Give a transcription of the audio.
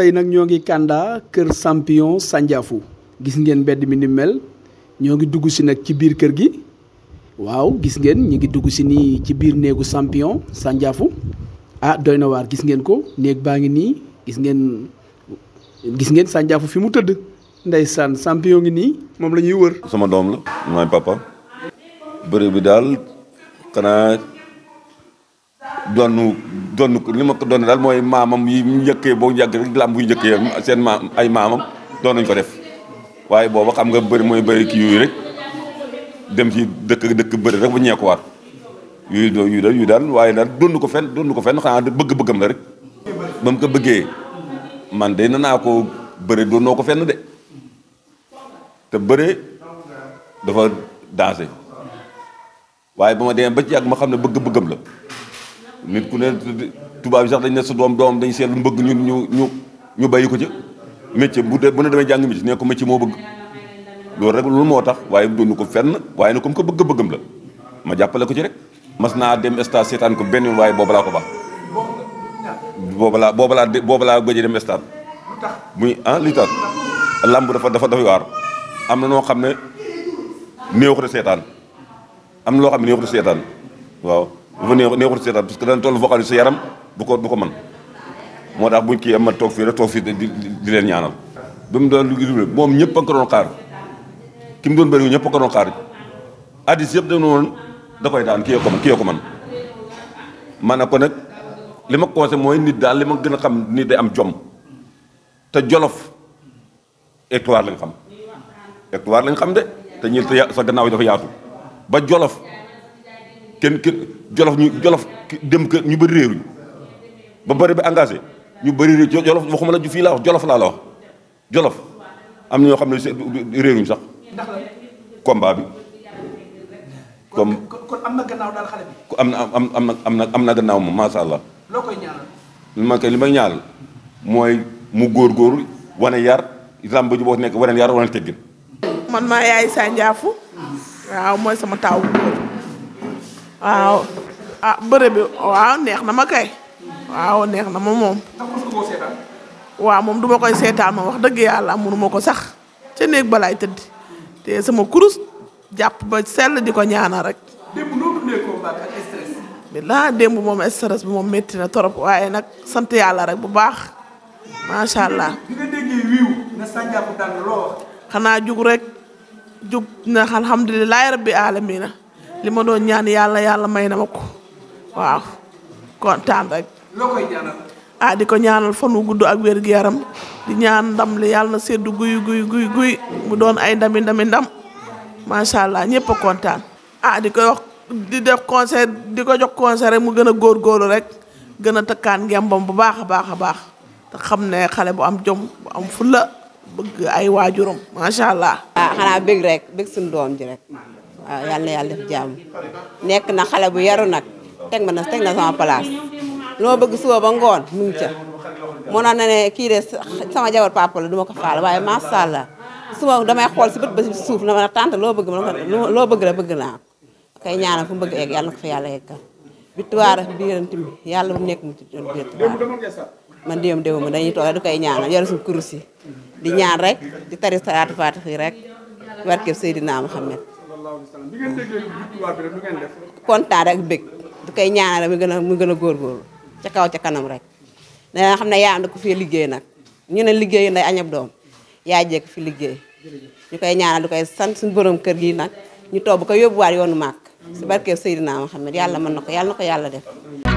tay nak ñogi Kanda kër champion sanjafu gis ngeen bedd mi ni mel ñogi ngi dugg si nag ci biir kër gi waaw gis ngeen ñi ngi dugg ci ni ci biir neegu champion sanjafu ah doyna war gis ngeen ko neeg baangi ni gis ngeen gis ngeen sanjafu fi mu teud ndaysan champion ngi ni mom lañuy wër sama dom la moy papa bëre bi dal xanaa doonu doonu li ma doon daal mooy maamam yi njëkkee boo yàgg rek làmb bu njëkkee seen maam ay maamam doon nañ ko def waaye booba xam nga bëri mooy bëri kii yooyu rek dem si dëkk dëkk bëri rek bu ñeekuwaat yooyu dal yu daan waaye daal doonu ko fenn doonu ko fenn xanaa bëgg-bëggam la rek ba mu ko bëggee man de na naa ko bëre doonoo ko fenn de te bëri dafa dansé waaye ba ma demee ba ci yàgg ma xam ne bëgg-bëggam la nit ku ne tubaab yi sax dañ ne sa doom doom dañ seetlu mbëgg ñu ñu ñu ñu bàyyi ko ca métier bu dee bu ne demee jàng métier ne ko métier moo bëgg loolu rek loolu moo tax waaye doonu ko fenn waaye na comme que bëgg-bëggam la ma jàppale ko ci rek mas naa dem stade seetaan ko benn waaye boobu laa ko ba boobu laa boobu laa boobu laa gëj dem stade muy ah li tax làmb dafa dafa dafa waar am na noo xam ne néew seetaan am na loo xam ne néew ko seetaan waaw dafa neexut seetaan parce que dana toll foo xam ne sa yaram du ko du ko mën moo tax buñ kii am ma toog fii rek di leen ñaanal bi mu doon lu moom ñëpp ko doon xaar ki mu doon bëri ñëpp a ko doon xaar da koy daan kii yoo ko man man ma ne ko nag li ma conseillé mooy nit daal li ma gën a xam nit day am jom te jolof hectare lañ xam hectare lañ xam de te ñi sa gannaaw yi dafa yaatu ba jolof kenn kenn jolof ñu jolof dem kër ñu bari réeruñu ba bari bi engage ñu bari réer jolof waxuma la ju fii laa wax jolof laa la wax jolof am na ñoo xam ne réeruñu sax. ndax combat bi. comme kon am na gannaaw daal xale na am na am na gannaaw moom macha allah. man kay li may ñaanal mooy mu góor góor wane yar làmb ji boo nekk wane yar wane teggin. man maa yaay Sa Ndiafou waaw mooy sama taaw. waaw ah bëre bi waaw neex na ma kay. waaw neex na ma moom. waaw moom duma koy seetaan ma wax dëgg yàlla mënu ma ko sax ca néeg balaay tëdd te sama kurus jàpp ba sell di ko ñaanal rek. démb noo démb moom stress bi moom metti na trop waaye nag sant yàlla rek bu baax macha allah. xanaa nga rek wiiw na sànjaaku dàll loo wax. xanaa jug na lima doon ñaan yàlla yàlla may na ma waaw kontaan rek. loo koy ñaanal. ah di ko ñaanal fan guddu ak wér gi yaram di ñaan ndam li yalla seddu guy guy guy guy mu doon ay ndami ndami ndam sha allah ñepp kontan ah di wax di def concert di jox concert mu gëna gor gor rek gëna a takkaan ngembam bu baaxa baaxa baax bu am jom bu am fulla bëgg ay ma sha allah. ah xana bëgg rek bëgg sun doom ji rek. waaw ah, yàlla na yàlla def jàmm nekk na xale bu yaru nag teg ma na teg na sama place loo bëgg suba ba ngoon mu ngi ca mënoon na ne kii de sama jabar papa la ko faal waaye macha allah suba damay xool si bët ba si suuf na ma tante loo bëgg ma loo bëgg la bëgg naa kay ñaanal fu mu bëgg yàlla na ko fa yàlla eggal victoire biiranti mi yàlla bu nekk ci victoire man déem déw ma dañuy toog di koy ñaanal yore suñu kurus yi di ñaan rek di tari salaatu faatix yi rek barkeb Seydina Muhammad bi rek lu du koy ñaanal mu gën a mu gën a góorgóorlu ca kaw ca kanam rek danga xam ne yaa am ko fii liggéey nag ñu ne liggéey nday añab doom yaa jekk fi liggéey ñu koy ñaanal du koy sant suñu borom kër gi nag ñu toog bu ko yóbbuwaat yoonu màkk si barke Seydina Muhammad yàlla mën na ko yàlla na ko yàlla def